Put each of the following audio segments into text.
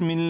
بسم الله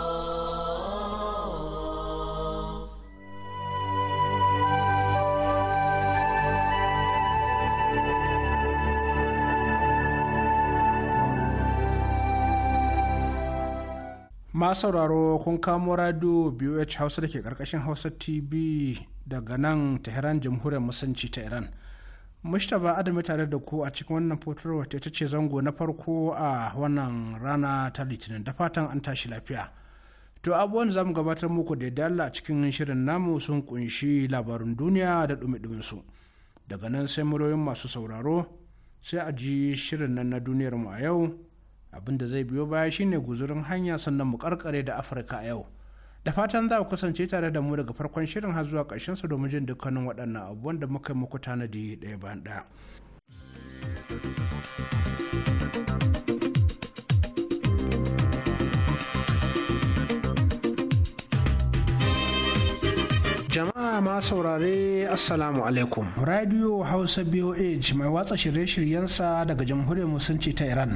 masu sauraro kun kamo radio boh hausa da ke karkashin hausa tv daga nan tehran jamhuriyar musanci ta iran mushtaba adamu tare da ku a cikin wannan fotarwar ta ce zango na farko a wannan rana ta litinin da fatan an tashi lafiya to abubuwan za mu gabatar muku da yadda allah a cikin shirin namu sun kunshi labarin duniya da su daga nan sai muryoyin masu sauraro sai a ji shirin nan na duniyar a yau abin da zai biyo baya shine guzurin hanya sannan mu karkare da afirka a yau da fatan za ku kasance tare da mu daga farkon shirin har zuwa ƙarshen su domin jin dukkanin waɗannan abubuwan da muka yi muku tanadi ɗaya bayan ɗaya Jama'a ma saurare Assalamu alaikum. Radio Hausa BOH mai watsa shirye-shiryensa daga Jamhuriyar Musulunci ta Iran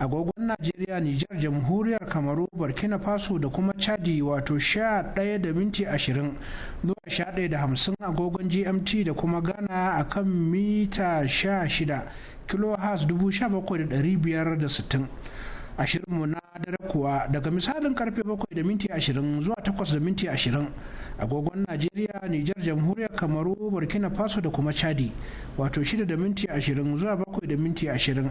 agogon najeriya nijar jamhuriyar kamaru burkina faso da kuma chadi wato ɗaya da minti ashirin zuwa sha ɗaya da hamsin agogon gmt da kuma ghana a kan mita shida dubu sha bakwai da sittin ashirinmu na dare kuwa daga misalin karfe bakwai da minti ashirin zuwa takwas da minti ashirin agogon najeriya nijar jamhuriyar kamaru burkina faso da kuma chadi wato shida da minti ashirin zuwa bakwai da minti ashirin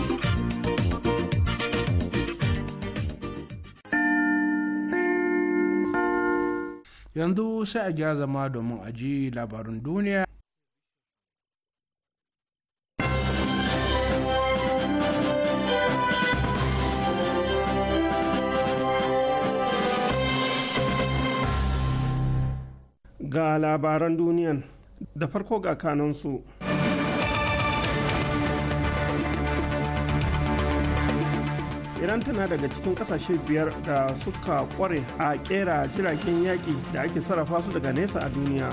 yanzu sai a gya zama domin aji labarin duniya ga labaran duniyan da farko ga kanansu. iran tana daga cikin kasashe biyar da suka kware a kera jiragen yaƙi da ake sarrafa su daga nesa a duniya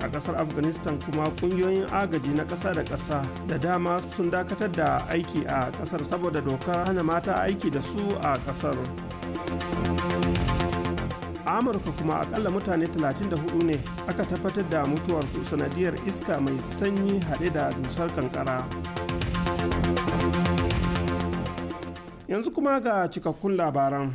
a ƙasar afghanistan kuma ƙungiyoyin agaji na ƙasa da ƙasa da dama sun dakatar da aiki a ƙasar saboda dokar hana mata aiki da su a ƙasar. a amurka kuma akalla mutane 34 ne aka tabbatar da mutuwarsu sanadiyar iska mai sanyi hade da dusar kankara yanzu kuma ga cikakkun labaran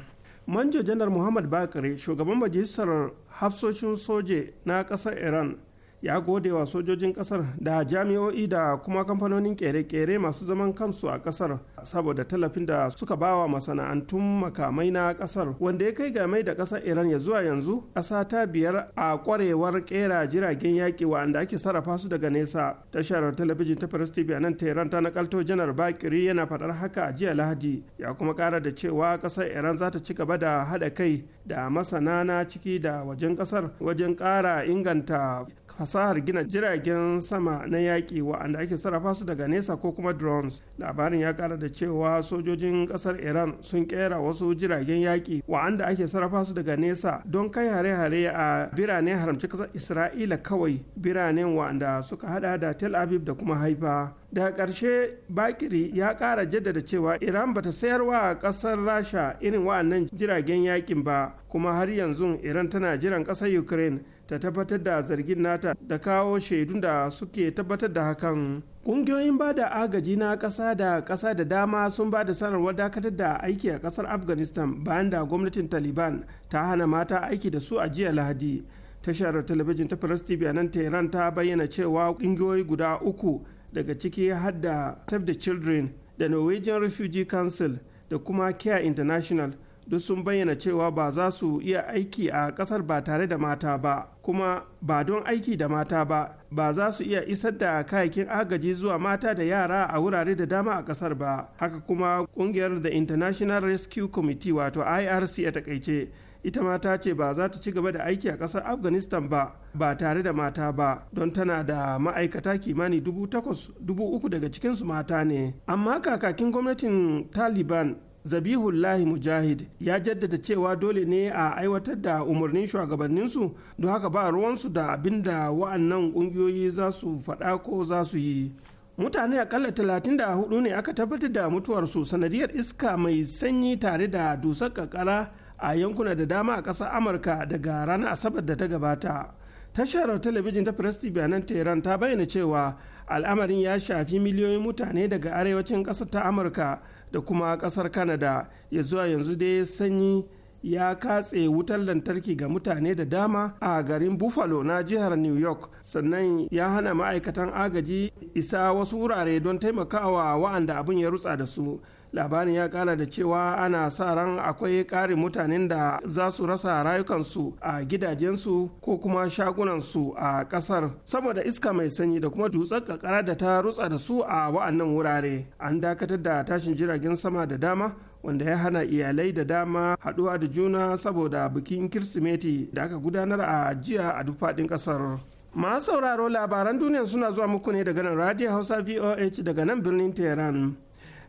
manjo janar muhammad bakare shugaban majalisar hafsoshin soje na ƙasar iran ya gode wa sojojin kasar da jami'o'i da kuma kamfanonin kere-kere masu zaman kansu a kasar saboda tallafin da suka bawa masana'antun makamai na kasar wanda ya kai ga mai da kasar iran ya zuwa yanzu ƙasa ta biyar a kwarewar kera jiragen yaƙi wanda ake sarrafa su daga nesa tashar talabijin ta press tv a nan tehran ta nakalto janar bakiri yana faɗar haka a jiya lahadi ya kuma ƙara da cewa kasar iran za ta ci gaba da haɗa kai da masana na ciki da wajen kasar wajen ƙara inganta fasahar gina jiragen sama na yaƙi wa'anda ake sarrafa su daga nesa ko kuma drones labarin ya kara da cewa sojojin ƙasar iran sun ƙera wasu jiragen yaƙi wa'anda ake sarrafa su daga nesa don kai hare-hare a birane haramci ƙasar isra'ila kawai biranen wa'anda suka hada da tel aviv da kuma haifa daga ƙarshe bakiri ya ƙara jaddada cewa iran bata sayar wa ƙasar rasha irin wa'annan jiragen yaƙin ba kuma har yanzu iran tana jiran ƙasar ukraine ta tabbatar da zargin nata da kawo shaidun da suke tabbatar da hakan ƙungiyoyin ba da agaji na ƙasa da ƙasa da dama sun ba da sanarwar dakatar da aiki a ƙasar afghanistan bayan da gwamnatin taliban ta hana mata aiki da su a jiya lahadi tashar talabijin ta press tv a nan tehran ta bayyana cewa ƙungiyoyi guda uku daga ciki har da save the children da norwegian refugee council da kuma care international duk sun bayyana cewa ba za su iya aiki a ƙasar ba tare da mata ba kuma ba don aiki da mata ba ba za su iya isar da kayakin agaji zuwa mata da yara a wurare da dama a ƙasar ba haka kuma ƙungiyar the international rescue committee wato irc a takaice ita ma ce ba za ta ci gaba da aiki a ƙasar afghanistan ba ba tare da mata ba don tana da ma'aikata kimani dubu takwas dubu uku daga cikinsu mata ne amma kakakin gwamnatin taliban zabihullahi mujahid ya jaddada cewa dole ne a aiwatar da umarnin shugabanninsu don haka ba ruwansu da abin da wa'annan ƙungiyoyi za su faɗa ko za su yi mutane akalla 34 ne aka tabbatar da mutuwarsu sanadiyar iska mai sanyi tare da dusar kakara a yankuna da dama a ƙasar amurka daga ranar asabar da ta gabata tashar talabijin ta press tv tehran ta bayyana cewa al'amarin ya shafi miliyoyin mutane daga arewacin ƙasar ta amurka da kuma kasar canada ya zuwa yanzu dai sanyi ya katse wutar lantarki ga mutane da dama a garin buffalo na jihar new york sannan ya hana ma'aikatan agaji isa wasu wurare don taimakawa wa'anda abin ya rutsa da su labarin ya kara da cewa ana sa ran akwai ƙarin mutanen da za su rasa rayukansu a gidajensu ko kuma shagunansu a ƙasar saboda iska mai sanyi da kuma dutsen, kakara da ta rutsa da su a wa'annan wurare an dakatar da tashin jiragen sama da dama wanda ya hana iyalai da dama haɗuwa da juna saboda bikin kirsimeti da aka gudanar a jiya a duk faɗin ƙasar masu sauraro labaran duniya suna zuwa muku ne daga nan radio hausa voh daga nan birnin tehran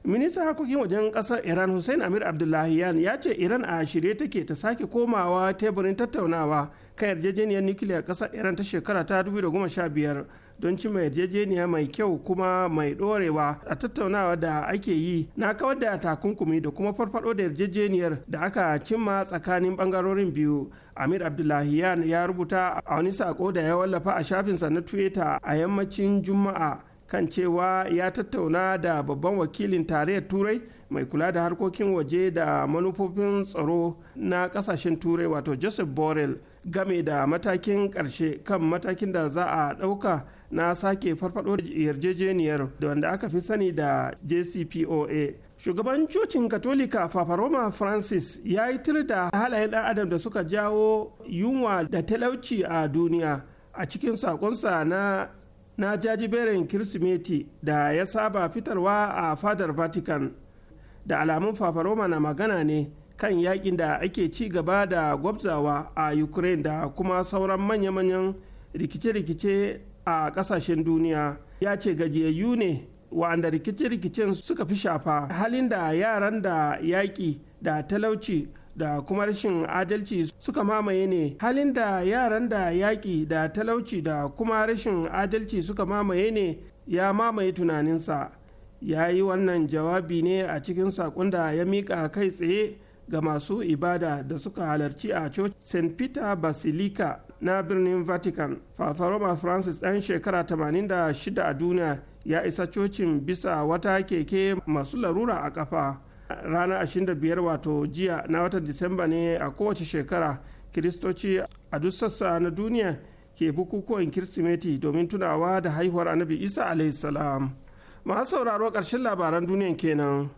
ministan harkokin wajen kasar iran hussein amir abdullahiyan ya ce iran a shirye take ta sake komawa teburin tattaunawa kan yarjejeniyar nukiliya kasar iran ta shekara ta 2015 don cima yarjejeniya mai kyau kuma mai dorewa a tattaunawa da ake yi na kawar da takunkumi da kuma farfado da yarjejeniyar da aka cimma tsakanin bangarorin biyu amir abdullahiyan ya rubuta a wani sako da ya wallafa a shafinsa na twitter a yammacin juma'a kan cewa ya tattauna da babban wakilin tarayyar turai mai kula da harkokin waje da manufofin tsaro na kasashen turai wato joseph borrell game da matakin karshe kan matakin da za a ɗauka na sake farfado yarjejeniyar da wanda aka fi sani da jcpoa shugaban cocin katolika papa roma francis ya yi tir da halayen ɗan adam da suka jawo yunwa da talauci a duniya a cikin sakonsa na na jajiberin kirsimeti da ya saba fitarwa a fadar vatican da alamun fafaroma na magana ne kan yakin da ake ci gaba da gwabzawa a ukraine da kuma sauran manya-manyan rikice-rikice a kasashen duniya ya ce gajiyayyu ne wa'anda rikice-rikicen suka fi shafa halin da yaran da yaƙi da talauci da kuma rashin adalci suka mamaye ne halin da yaran da yaƙi da talauci da kuma rashin adalci suka mamaye ne ya mamaye tunaninsa ya yi wannan jawabi ne a cikin saƙon da ya miƙa kai tsaye ga masu ibada da suka halarci a coci st peter basilica na birnin vatican fafaroma francis ɗan shekara 86 a duniya ya isa cocin bisa wata keke masu larura a ƙafa ranar 25 wato jiya na watan disamba ne a kowace shekara kiristoci a duk sassa na duniya ke bukukuwan kirsimeti domin tunawa da haihuwar annabi isa alaihissalam masu sauraro karshen labaran duniyan kenan.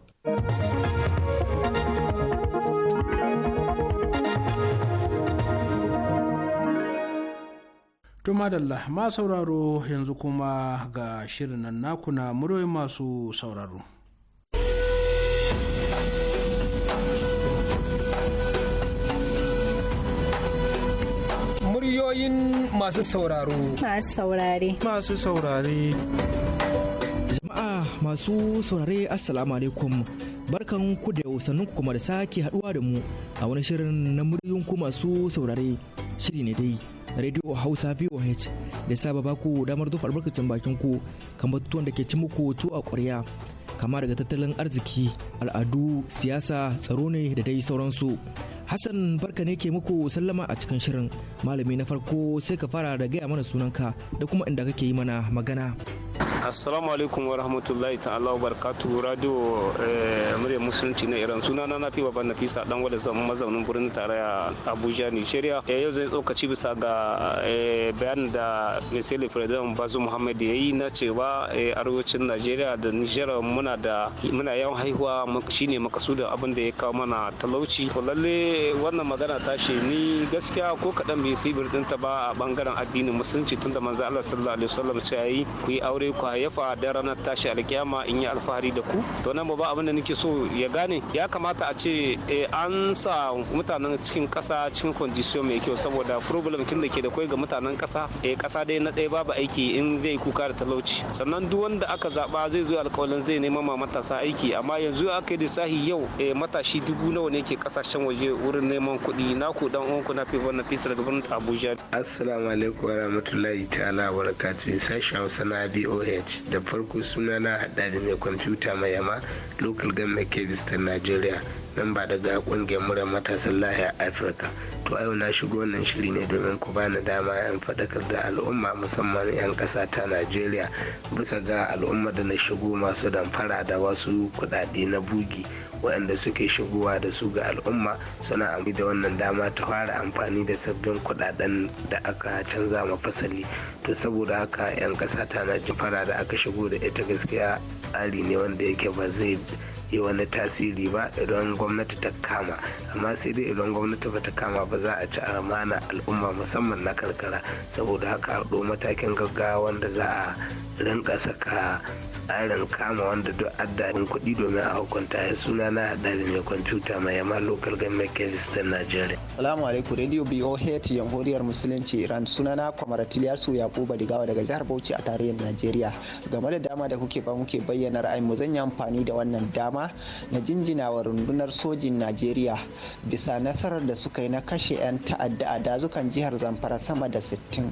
da madalla ma sauraro yanzu kuma ga shirin nan naku muryoyin masu sauraro. Muryoyin masu sauraro. Masu saurare. Masu saurare. Jama'a masu saurare Assalamu alaikum. Barkan ku da sannunku kuma da sake haduwa da mu a wani shirin na muryoyin ku masu saurare. Shiri ne dai. Radio Hausa VOH da saba baku damar dufa albarkacin bakin ku kan batutuwan da ke ci muku tu a ƙwarya kama daga tattalin arziki, al'adu, siyasa, tsaro ne da dai sauransu. Hassan barka ne ke muku sallama a cikin shirin malami na farko sai ka fara da gaya mana sunanka da kuma inda kake yi mana magana. assalamu alaikum wa rahmatullahi ta'ala wa barkatu radio eh, murya musulunci na iran suna na nafi baban nafisa dan wanda zama mazaunin birnin tarayya abuja nigeria eh, yau zai tsokaci bisa ga eh, bayanin da Mesele president bazu muhammad ya yi na cewa arewacin nigeria da nijar muna da muna yawan haihuwa shine makasudin abin da ya kawo mana talauci to lalle wannan magana ta shi ni gaskiya ko kaɗan bai sai ɗin ta ba a bangaren addinin musulunci tunda manzo Allah sallallahu alaihi wasallam ce yayi ku yi aure ku hayafa da ranar tashi alkiyama in yi alfahari da ku to nan ba abin da nake so ya gane ya kamata a ce eh, an sa mutanen cikin ƙasa cikin condition mai kyau saboda problem kin da ke da kai ga mutanen ƙasa eh ƙasa dai na ɗaya babu aiki in zai kuka da talauci sannan duk wanda aka zaba zai zo alƙawarin zai neman ma matasa aiki amma yanzu aka yi sahi yau eh, matashi dubu nawa ne ke ƙasashen waje wurin neman kuɗi na ku dan uwanku na fi wannan daga birnin abuja assalamu alaikum rahmatullahi ta'ala barakatuh sashen hausa na boh da farko suna na hada da mai kwamfuta mai yama local government kebis ta nigeria nan ba daga kungiyar mura matasan a afirka to yau na shigo wannan shiri ne domin ku bani dama yan faɗakar da al'umma musamman 'yan ƙasa ta najeriya bisa ga al'umma da na shigo masu damfara da wasu kuɗaɗe na bugi waɗanda suke shigowa da su ga al'umma suna amfani da wannan dama ta fara amfani da sabbin kuɗaɗen da aka canza ma fasali to saboda haka 'yan ƙasa ta na fara da aka shigo da ita gaskiya tsari ne wanda yake ba zai yi wani tasiri ba idan gwamnati ta kama amma sai dai idan gwamnati ba ta kama ba za a ci amana al'umma musamman na karkara saboda haka haɗo matakin gaggawa wanda za a rinka saka tsarin kama wanda duk addadin kuɗi domin a hukunta ya suna na haɗari mai kwamfuta mai yamma lokal gamar kyrgyzstan nigeria. salamu alaikum radio boh jamhuriyar musulunci iran sunana kwamar tiliyasu yakuba digawa daga jihar bauchi a tarihin najeriya game da dama da kuke ba muke bayyana ra'ayin mu zan yi amfani da wannan dama dama na jinjinawa rundunar sojin najeriya bisa nasarar da suka yi na kashe 'yan ta'adda a dazukan jihar zamfara sama da 60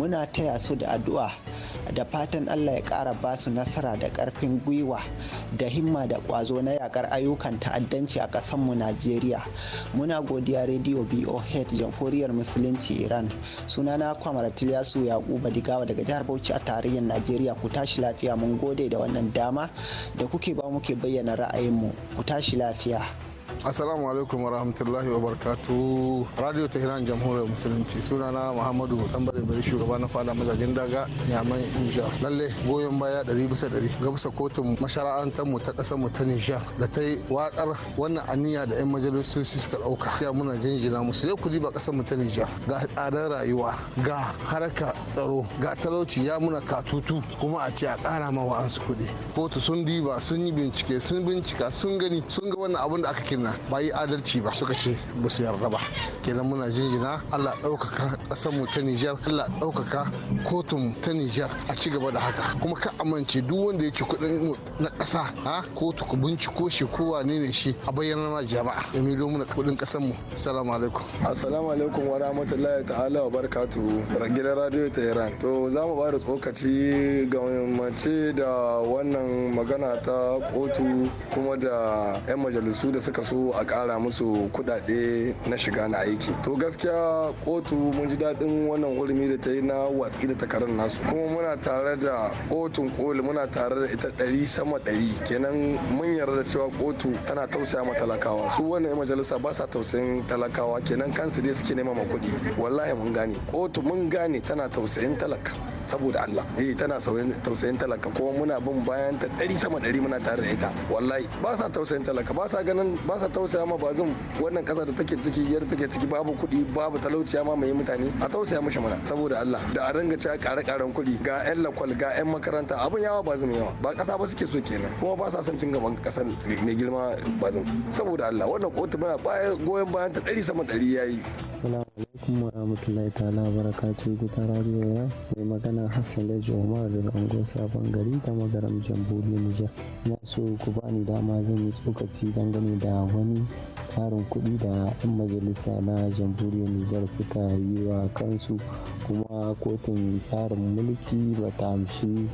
muna taya su da addu'a da fatan allah ya kara ba su nasara da karfin gwiwa da himma da kwazo na yakar ayyukan ta'addanci a kasanmu najeriya muna godiya rediyo boh jamhuriyar musulunci iran sunana kwamar tiliyasu yakuba digawa daga jihar bauchi a tarayyar najeriya ku tashi lafiya mun gode da wannan dama da kuke ba muke bayyana ra'ayinmu ku tashi lafiya Assalamu alaikum wa wabarakatu. wa Radio Tehran Jamhuriyar Musulunci sunana Muhammadu Dan Bari shugaba na fada mazajen daga Nyamai Nijar. Lalle goyon baya ɗari bisa ɗari ga bisa kotun mashara'antar mu ta ƙasar mu ta Nijar da ta yi watsar wannan aniya da 'yan majalisoci suka ɗauka. Ya muna jinjina musu yau kudi ba ƙasar mu ta Nijar ga tsadar rayuwa ga haraka tsaro ga talauci ya muna katutu kuma a ce a ƙara ma wa'ansu kuɗi. Kotu sun diba sun yi bincike sun bincika sun gani sun ga wannan abin da aka nan ba yi adalci ba suka ce ba su yarda ba kenan muna jinjina allah ɗaukaka ƙasar mu ta nijar allah ɗaukaka kotun ta nijar a ci gaba da haka kuma ka amince duk wanda yake kuɗin na ƙasa ha kotu ku binciko shi ko wane ne shi a bayyana ma jama'a ya milo muna kuɗin ƙasar mu assalamu alaikum assalamu alaikum wa rahmatullahi ta'ala wa barakatuhu gidan radio iran to za mu ba da tsokaci ga mace da wannan magana ta kotu kuma da 'yan majalisu da suka su a kara musu kudade na shiga na aiki to gaskiya kotu mun ji daɗin wannan hurumi da ta yi na watsi da takarar nasu kuma muna tare da kotun koli muna tare da ita ɗari sama ɗari kenan mun yarda da cewa kotu tana tausaya ma talakawa su wannan majalisa ba sa tausayin talakawa kenan kansu dai suke nema ma kuɗi wallahi mun gane kotu mun gane tana tausayin talaka saboda Allah eh tana tausayin talaka kuma muna bin bayan ta ɗari sama ɗari muna tare da ita wallahi ba sa tausayin talaka ba sa ganin ba kasa tausaya ma ba zan wannan kasa da take ciki yar take ciki babu kuɗi babu talauciya ma mai mutane a tausaya mishi mana saboda Allah da a ringa cewa ƙare ƙaren kudi ga ƴan lakwal ga ƴan makaranta abin yawa ba zan yawa ba kasa ba suke so kenan kuma ba sa son cin gaban kasar mai girma ba zan saboda Allah wannan kotu muna baya goyon bayan ta ɗari sama ɗari yayi. Assalamu alaikum wa rahmatullahi ta'ala barakatu gita radio ya mai magana Hassan da Umar da Ango Sabon Gari ta magaram jamhuriyar Nijar. Na so ku bani dama zan yi tsokaci dangane da wani tsarin kuɗi da 'yan majalisa na jamhuriyar Nijar suka yi wa kansu kuma kotun tsarin mulki ba ta amshi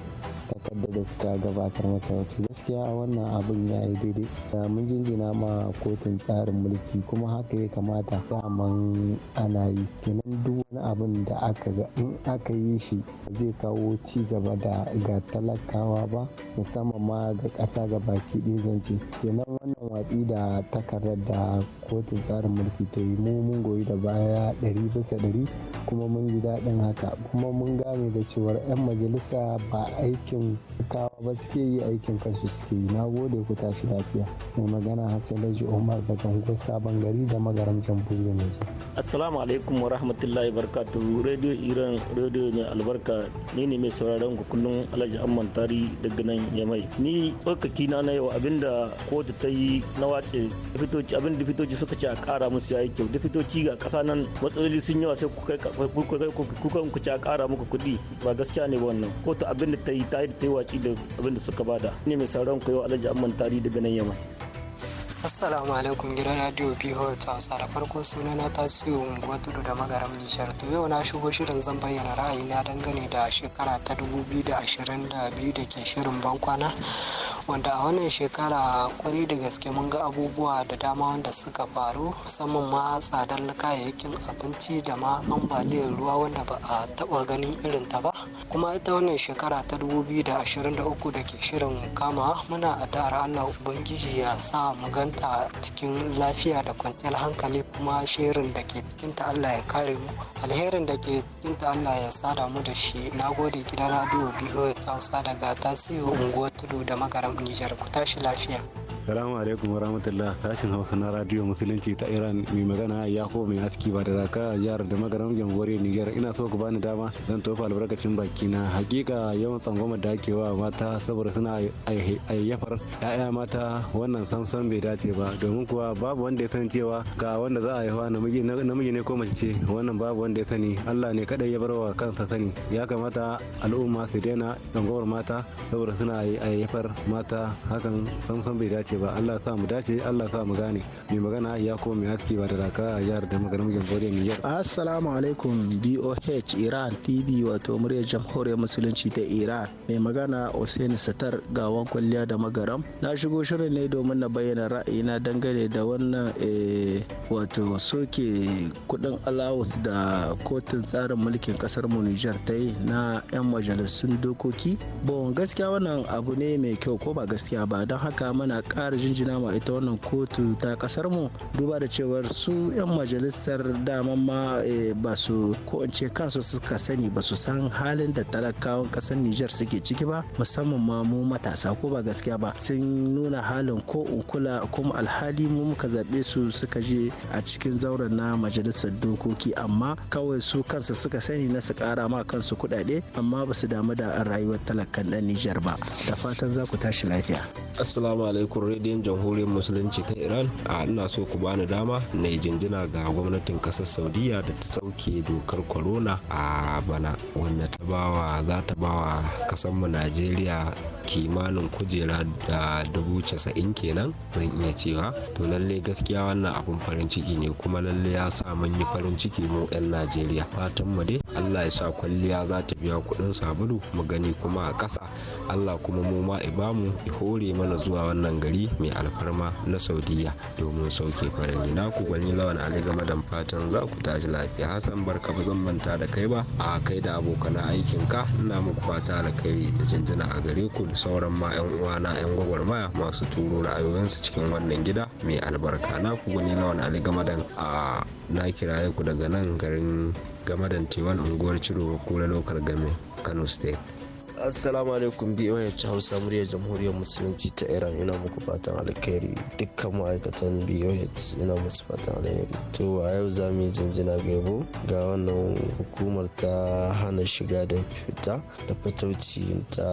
takarda da suka gabatar masa wato gaskiya wannan abin ya yi daidai da mun jingina ma kotun tsarin mulki kuma haka ya kamata saman ana yi kenan duk na abin da aka ga in aka yi shi zai kawo ci gaba da ga talakawa ba musamman ma ga ƙasa ga baki ɗaya zance kenan wannan watsi da takardar da kotun tsarin mulki ta yi mu mun goyi da baya ɗari bisa ɗari kuma mun ji daɗin haka kuma mun gane da cewar 'yan majalisa ba aikin kawa ba suke yi aikin kansu suke yi na gode ku tashi lafiya mai magana laji umar daga unguwar sabon gari da magaran jamhuriyar nijar assalamu alaikum wa rahmatullahi barakatu rediyo iran rediyo ne albarka ni ne mai sauraron ku kullum alhaji amman tari daga nan yamai ni tsokaki na na yau abinda kotu ta yi na wace fitoci abinda fitoci suka ce a kara musu yayi kyau da fitoci ga kasa nan matsaloli sun yawa sai kukan ku ci a kara muku kuɗi ba gaskiya ne wannan kotu abinda ta yi ta yi da ta yi waci da abinda suka bada ni mai sauraron ku yau alhaji amman tari daga nan yamai Assalamu alaikum gidan radio BH Hausa da farko suna na tasiru unguwar tudu da magaram Nijar. To yau na shigo shirin zan bayyana ra'ayi na dangane da shekara ta 2022 da ke shirin bankwana wanda a wannan shekara kwarai da gaske mun ga abubuwa da dama wanda suka faru musamman ma tsadar kayayyakin abinci da ma ambaliyar ruwa wanda ba a taba ganin irin ta ba kuma ita wannan shekara ta 2023 da ke shirin kama muna addu'ar Allah ubangiji ya sa mu gani ta cikin lafiya da kwanciyar hankali kuma shirin da ke cikinta Allah ya kare mu alherin da ke cikinta Allah ya sada mu da shi na gode gidan radio biyu ta daga tasiri unguwar tudu da magaram Nijar ku tashi lafiya. Salamu alaikum warahmatullah sashen Hausa na Radio Musulunci ta Iran mai magana ya mai aski ba da raka jihar da magaran jamhuriyar Niger ina so ku bani dama zan tofa albarkacin baki na hakika yawan tsangwama da ake wa mata saboda suna ayyafar ya'ya mata wannan samsan bai dace ba domin kuwa babu wanda ya san cewa ga wanda za a haifa namiji ne ko mace ce wannan babu wanda ya sani Allah ne kadai ya bar wa kansa sani ya kamata al'umma su daina tsangwamar mata saboda suna ayyafar mata hakan samsan bai dace ba Allah sa mu dace Allah sa mu gane mai magana ya ko mai haske ba da raka a jihar da maganin da Niger assalamu alaikum BOH Iran TV wato muryar jamhuriyar musulunci ta Iran mai magana Hussein Satar gawan kwalliya da magaram na shigo shirin ne domin na bayyana ra'ayina dangane da wannan eh, wato soke kudin alawus da kotun tsarin mulkin kasar mu Niger ta yi na 'yan majalisun dokoki bon gaskiya wannan abu ne mai kyau ko ba gaskiya ba don haka mana kara jinjina ma ita wannan kotu ta kasar mu duba da cewar su 'yan majalisar daman ma eh, ba su ko in ce kansu suka sani ba su san halin da talakawan kasar Nijar suke ciki ba musamman ma mu matasa ko ba gaskiya ba sun nuna halin ko unkula kuma alhali mu muka zaɓe su suka je a cikin zauren na majalisar dokoki amma kawai su kansu suka sani na su kara ma kansu kuɗaɗe amma ba su damu da rayuwar talakan ɗan Nijar ba da fatan za ku tashi lafiya. Assalamu alaikum rediyon jamhuriyar musulunci ta iran a ina so ku bani dama na jinjina ga gwamnatin kasar saudiya da ta sauke dokar corona a bana wanda ta bawa za ta bawa kasar mu najeriya kimanin kujera da dubu casa'in kenan zan iya cewa to lalle gaskiya wannan abun farin ciki ne kuma lalle ya sa mun yi farin ciki mu 'yan najeriya fatan mu dai allah ya sa kwalliya za ta biya kuɗin sabulu mu gani kuma a ƙasa allah kuma mu ma ibamu ya hore mana zuwa wannan gari gari mai alfarma na saudiya domin sauke farin na ku gwani lawan ali game da fatan za ku tashi lafiya hassan barka ba zan manta da kai ba a kai da abokan aikin ka ina muku fata da kai da jinjina a gare ku da sauran ma yan uwa na yan gwagwarmaya masu turo ra'ayoyinsu cikin wannan gida mai albarka na ku gwani lawan ali game da a na kiraye ku daga nan garin da tewan unguwar ciro ko na lokal game kano state assalamu alaikum biyoyin hausa muryar jamhuriyar musulunci ta iran ina muku fatan alkhairi dukkan ma'aikatan biyoyin ina musu fatan alkhairi to a yau za mu yi jinjina ga yabo ga wannan hukumar ta hana shiga da fita da fitauci ta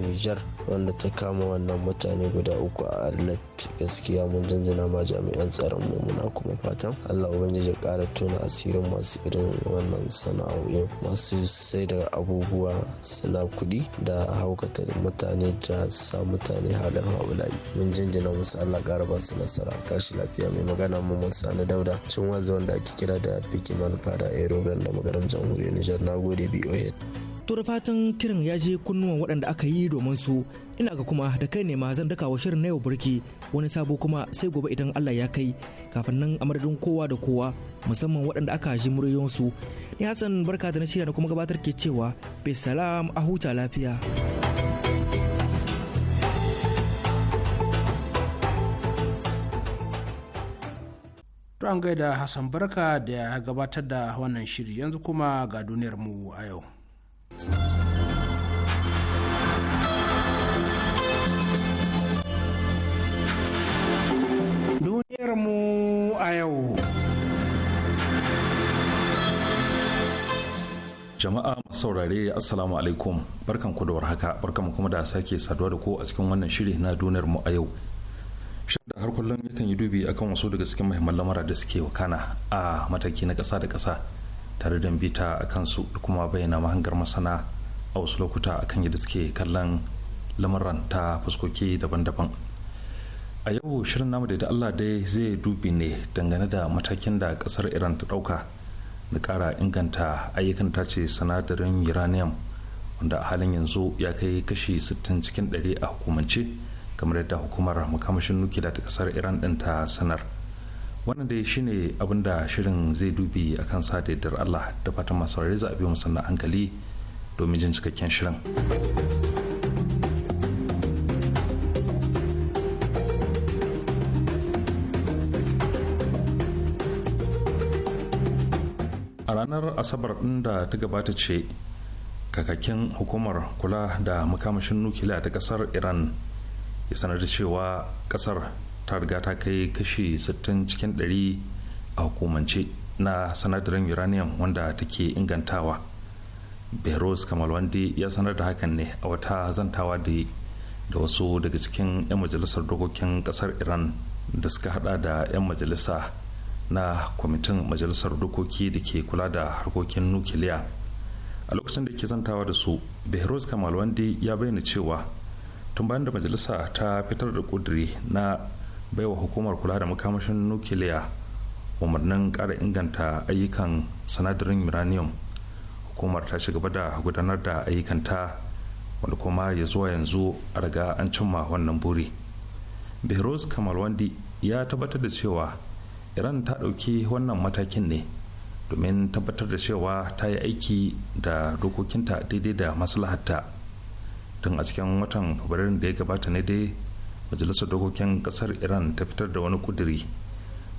nijar wanda ta kama wannan mutane guda uku a arlet gaskiya mun jinjina ma jami'an tsaron mu muna kuma fatan allah ubangiji ya kara tona asirin masu irin wannan sana'o'i masu sai da abubuwa suna kuɗi da haukatar mutane ta sa mutane halin haulayi mun jinjina musu allah kara ba su nasara tashi lafiya mai magana mu na dauda cin wazi wanda ake kira da pikiman fada aerogan da magaram jamhuriyar nijar na gode boh To fatan kiran ya je kunnuwan waɗanda aka yi domin su ina ga kuma da kai ne ma zan daka wa shirin na yau burki wani sabo kuma sai gobe idan Allah ya kai kafin nan a madadin kowa da kowa musamman waɗanda aka ji su ni Hassan barka da na shirya da kuma gabatar ke cewa bai salam a huta lafiya. To an gaida Hassan Barka da ya gabatar da wannan shiri yanzu kuma ga duniyar mu a yau. Duniyarmu a yau. Jama'a saurare Assalamu alaikum ku da warhaka barkan kuma da sake saduwa da ku a cikin wannan shiri na mu a yau. da har kullum yakan yi dubi akan wasu daga cikin muhimman lamura da suke wakana a mataki na ƙasa da ƙasa tare da bita a kansu da kuma bayyana mahangar masana a wasu lokuta a akan yadda suke kallon lamuran ta fuskoki daban-daban a yau shirin namu da allah dai zai dubi ne dangane da matakin da kasar iran ta dauka na kara inganta ayyukan ta ce sanadarin uranium wanda a halin yanzu ya kai kashi 60 cikin 100 a hukumance kamar yadda hukumar makamashin nukila ta kasar iran ɗin ta sanar wannan dai shine abin da shirin zai dubi a kan sadaidar allah da fatan masu za a biyu musamman hankali domin jin cikakken shirin a ranar asabar ɗin da ta gabata ce kakakin hukumar kula da makamashin nukiliya ta kasar iran ya sanar da cewa kasar ta riga ta kai kashi 60 cikin 100 a hukumance na sanadarin uranium wanda take ingantawa beros kamal wande ya sanar da hakan ne a wata zantawa da da wasu daga cikin 'yan majalisar dokokin kasar iran da suka hada da 'yan majalisa na kwamitin majalisar dokoki da ke kula da harkokin nukiliya a lokacin da ke zantawa da su beros kamal wande ya bayyana cewa tun bayan da majalisa ta fitar da kuduri na baiwa hukumar kula da makamashin nukiliya umarnin kara inganta ayyukan sinadarin uranium hukumar ta shiga da gudanar da ayyukanta wanda kuma ya zuwa yanzu a riga an cimma wannan buri behrouz kamalwandi ya tabbatar da cewa iran ta ɗauki wannan matakin ne domin tabbatar da cewa ta yi aiki da dokokinta daidai da maslahatta tun a cikin watan fabrairun da ya gabata ne dai majalisar dokokin kasar iran ta fitar da wani kuduri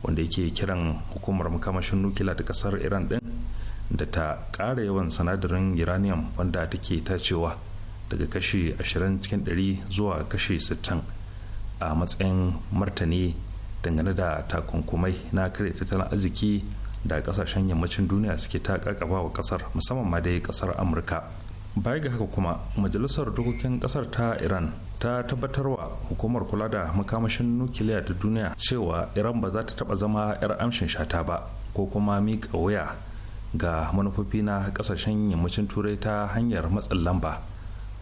wanda yake kiran hukumar makamashin nukila ta kasar iran din da ta ƙara yawan sinadarin uranium wanda take tacewa daga kashi 20 cikin 100 zuwa kashi 60 a matsayin martani dangane da takunkumai na kare tattalin arziki da kasashen yammacin duniya suke ta kakaba wa kasar musamman ma dai kasar amurka baya ga haka kuma majalisar dokokin kasar ta iran ta tabbatarwa hukumar kula da makamashin nukiliya ta duniya cewa iran ba za ta taba zama 'yar amshin shata ba ko kuma mika waya ga manufofi na kasashen yammacin turai ta hanyar matsin lamba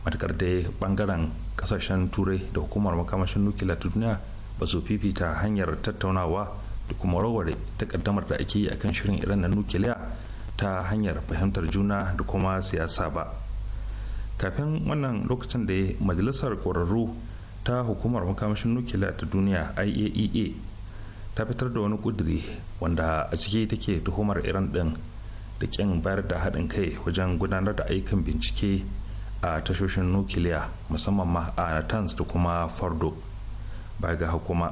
matakar dai bangaren kasashen turai da hukumar makamashin nukiliya ta duniya ba su fifita hanyar tattaunawa da kuma warware takaddamar da ake yi akan shirin iran na nukiliya ta hanyar fahimtar juna da kuma siyasa ba kafin wannan lokacin da majalisar ƙwararru ta hukumar makamashin nukiliya ta duniya iaea e ta fitar da wani kuduri wanda a ciki take tuhumar iran din da kyan bayar da haɗin kai wajen gudanar da aikin bincike a tashoshin nukiliya musamman ma a natanz da kuma fardo baya ga hukuma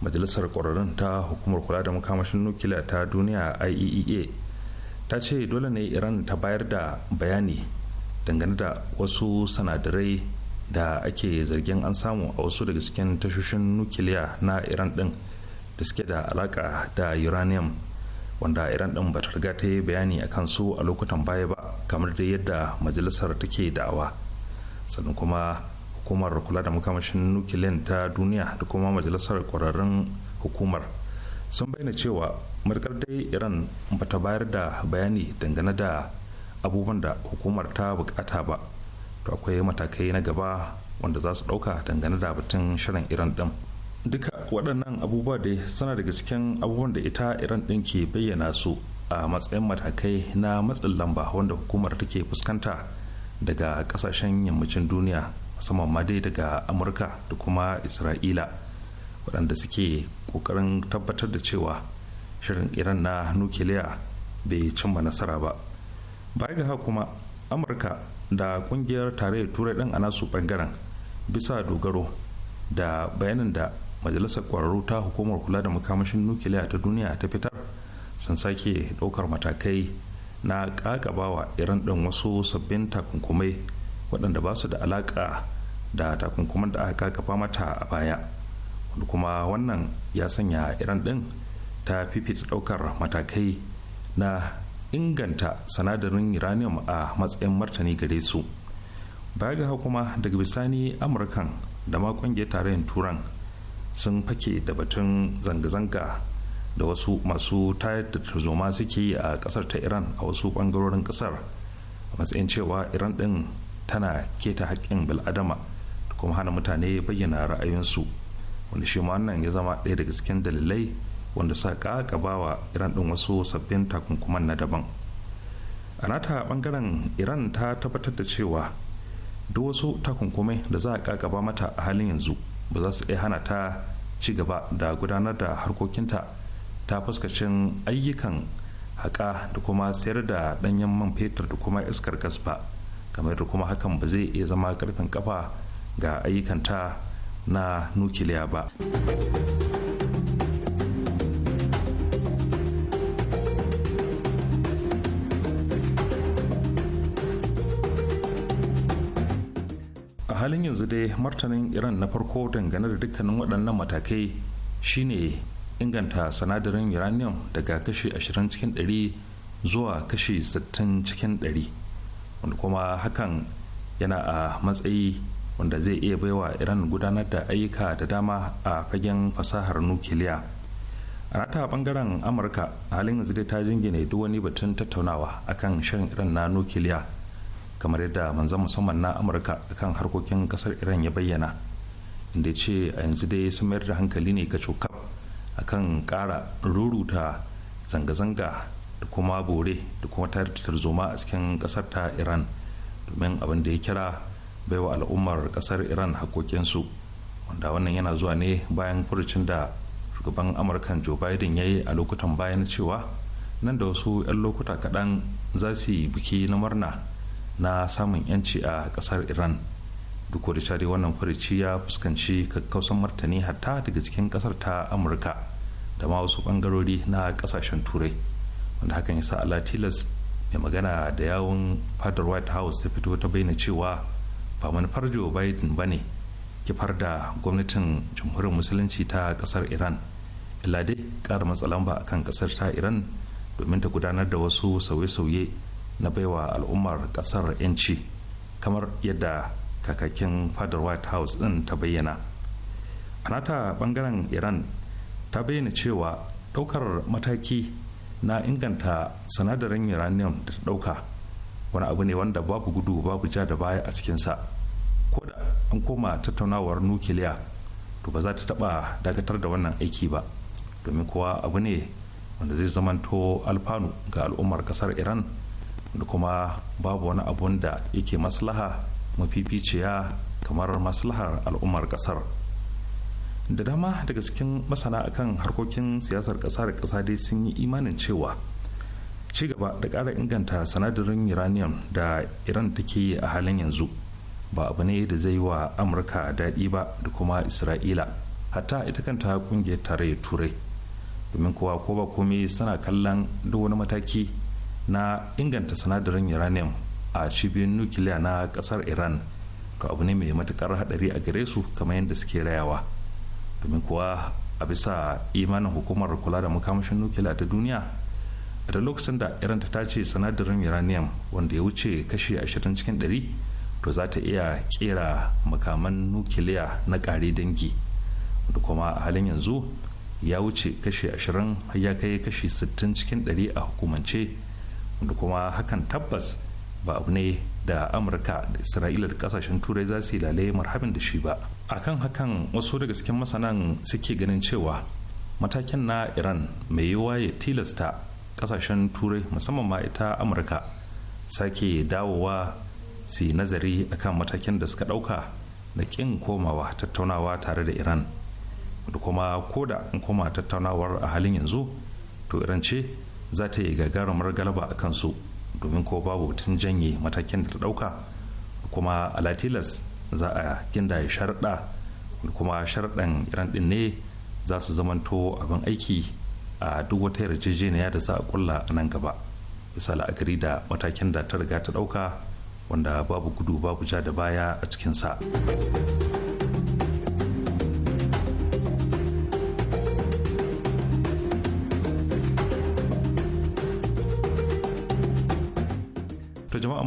majalisar ƙwararrun ta hukumar kula da makamashin nukiliya ta duniya iaea e ta ce dole ne iran ta bayar da bayani dangane da wasu sanadarai da ake zargin an samu a wasu daga cikin tashoshin nukiliya na iran din da suke da alaka da uranium wanda iran din ba ta riga ta yi bayani a kansu a lokutan baya ba kamar da yadda majalisar take da'awa sannan kuma hukumar kula da makamashin nukiliyan ta duniya da kuma majalisar kwararrun hukumar sun bayyana cewa markar dai iran ba ta bayar da bayani dangane da abubuwan da hukumar ta bukata ba to akwai matakai na gaba wanda za su ɗauka dangane da batun shirin iran din duka waɗannan abubuwa dai suna da cikin abubuwan da ita iran din ke bayyana su a matsayin matakai na matsin lamba wanda hukumar take fuskanta daga kasashen yammacin duniya musamman ma dai daga amurka da kuma isra'ila waɗanda suke ƙoƙarin tabbatar da cewa shirin iran na nukiliya bai cimma nasara ba baya ga kuma amurka da kungiyar tarayyar turai din a nasu bangaren bisa dogaro da bayanin da majalisar kwararru ta hukumar kula da makamashin nukiliya ta duniya ta fitar sun sake daukar matakai na ƙaƙabawa iran din wasu sabbin takunkumai waɗanda ba su da alaƙa da takunkuman da aka kakaba mata a baya wanda kuma wannan ya sanya iran din ta fifita ɗaukar matakai na inganta sanadarin uranium a matsayin martani gare su baya ga kuma daga bisani amurkan da ma kungiyar tarayyar turan sun fake da batun zanga-zanga da wasu masu tayar da tarzoma suke yi a kasar ta iran a wasu bangarorin kasar a matsayin cewa iran din tana keta haƙƙin bil'adama da kuma hana mutane bayyana ra'ayinsu wani shi wannan ya zama ɗaya daga cikin dalilai wanda suka kakaba wa iran din wasu sabbin takunkuman na daban a nata bangaren iran ta tabbatar da cewa duk wasu takunkumai da za a gaba mata a halin yanzu ba za su iya hana ta ci gaba da gudanar da harkokinta ta fuskacin ayyukan haƙa da kuma sayar da ɗanyen man fetur da kuma iskar gas ba kamar da kuma hakan ba zai iya zama karfin kafa ga ayyukanta na nukiliya ba. yanzu dai martanin iran na farko dangane da dukkanin waɗannan matakai shine inganta sanadarin uranium daga kashi 20 cikin 100 zuwa kashi 60 cikin 100 wanda kuma hakan yana a matsayi wanda zai iya baiwa iran gudanar da ayyuka da dama a fagen fasahar nukiliya a bangaren amurka halin yanzu dai ta jingine duk wani batun tattaunawa akan shan iran na nukiliya kamar yadda manzan musamman na amurka kan harkokin kasar iran ya bayyana inda ce a yanzu dai sun mayar da hankali ne ga a kan kara ruruta zanga-zanga da kuma bore da kuma tayar da tarzoma a cikin kasar ta iran domin abin da ya kira baiwa al'ummar kasar iran hakokinsu wanda wannan yana zuwa ne bayan furucin da shugaban amurkan joe biden ya yi a lokutan bayan cewa nan da wasu 'yan lokuta kaɗan za su yi biki na murna na samun yanci a kasar iran duk da share wannan farici ya fuskanci kakkausan martani hatta daga cikin kasar ta amurka da ma wasu bangarori na kasashen turai wanda hakan ya sa ala tilas mai magana da yawon fadar white house ta fito ta bayyana cewa ba manufar joe biden ba ne kifar da gwamnatin jamhuriyar musulunci ta kasar iran illa dai kara matsalan ba akan kasar ta iran domin ta gudanar da wasu sauye-sauye na baiwa al'ummar kasar 'yanci kamar yadda kakakin fadar white house din ta bayyana a nata bangaren iran ta bayyana cewa daukar mataki na inganta sinadarin uranium da ta dauka wani abu ne wanda babu gudu babu ja da baya a cikinsa ko da an koma tattaunawar nukiliya to ba za ta taba dakatar da wannan aiki ba domin kowa abu ne wanda zai zamanto alfanu ga al'ummar kasar iran da kuma babu wani abun da yake maslaha mafificiya kamar maslahar al'ummar kasar da dama daga cikin masana akan harkokin siyasar kasa da kasa dai sun yi imanin cewa ci gaba da ƙara inganta sanadarin uranium da iran take yi a halin yanzu ba abu ne da zai yi wa amurka daɗi ba da kuma isra'ila hatta ita kanta kungiyar tare turai domin kowa ko ba komai suna kallon duk wani mataki na inganta sinadarin uranium a cibiyoyin nukiliya na kasar iran to abu ne mai matukar hadari a gare su kamar yadda suke rayawa domin kuwa a bisa imanin hukumar kula da makamashin nukiliya ta duniya a da lokacin da iran ta tace sinadarin uranium wanda ya wuce kashi 20 cikin 100 to za ta iya kera makaman nukiliya na kare dangi da kuma a halin yanzu ya wuce kashi ashirin ya kai kashi 60 cikin 100 a hukumance da kuma hakan tabbas ba abu ne da amurka da isra'ila da kasashen turai za su yi lalai marhabin da shi ba akan hakan wasu daga cikin masanan suke ganin cewa matakin na iran mai yiwuwa ya tilasta kasashen turai musamman ma ita amurka sake dawowa su nazari akan matakin da suka dauka da kin komawa tattaunawa tare da iran da kuma koda in koma tattaunawar a halin yanzu to iran ce za ta yi gagarumar galaba a kansu domin ko babu tun janye matakin da ta ɗauka kuma alatilas za a ginda sharaɗa kuma sharaɗan iran ɗin ne za su zamanto abin aiki a duk wata yarjejeniya da za a kulla a nan gaba bisa la'akari da matakin da ta riga ta ɗauka wanda babu gudu babu ja da baya a cikinsa.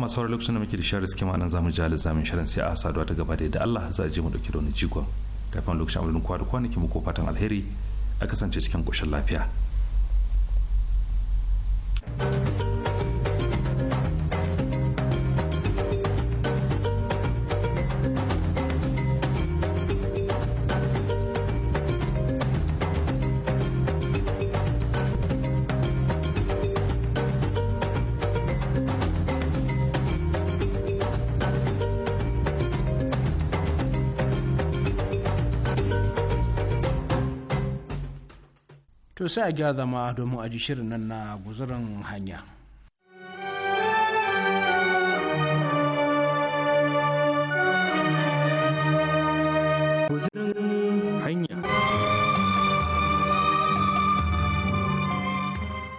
masu wani lokacin da muke da shi riski ma nan zamu ji alizamin shirin sai a saduwa ta gaba da Allah za a je mu dauki da wani jigon kafin lokacin abin kwa da kwanaki mu ko fatan alheri a kasance cikin koshin lafiya. to sai a gya zama domin aji shirin nan na guzurin hanya.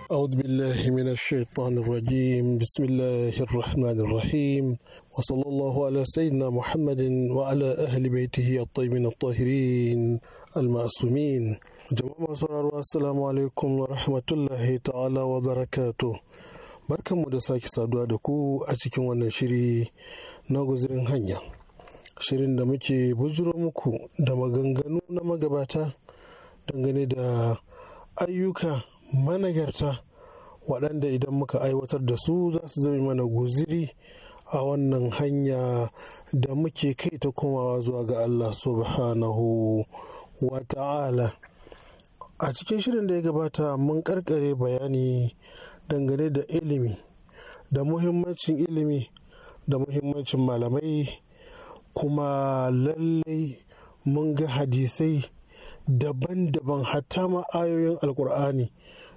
أعوذ بالله من الشيطان الرجيم بسم الله الرحمن الرحيم وصلى الله على سيدنا محمد وعلى أهل بيته الطيبين الطاهرين المعصومين jama'a sauraro assalamu alaikum wa rahmatullahi ta'ala wa barakatu barkanmu da sake saduwa da ku a cikin wannan shiri na guzirin hanya shirin da muke bujiro muku da maganganu na magabata dangane da ayyuka managarta waɗanda idan muka aiwatar da su za su zama mana guziri a wannan hanya da muke kai ta komawa zuwa ga Allah subhanahu wa ta'ala a cikin shirin da ya gabata mun karkare bayani dangane da ilimi da muhimmancin ilimi da muhimmancin malamai kuma lallai mun ga hadisai daban-daban hatta ma ayoyin alkur'ani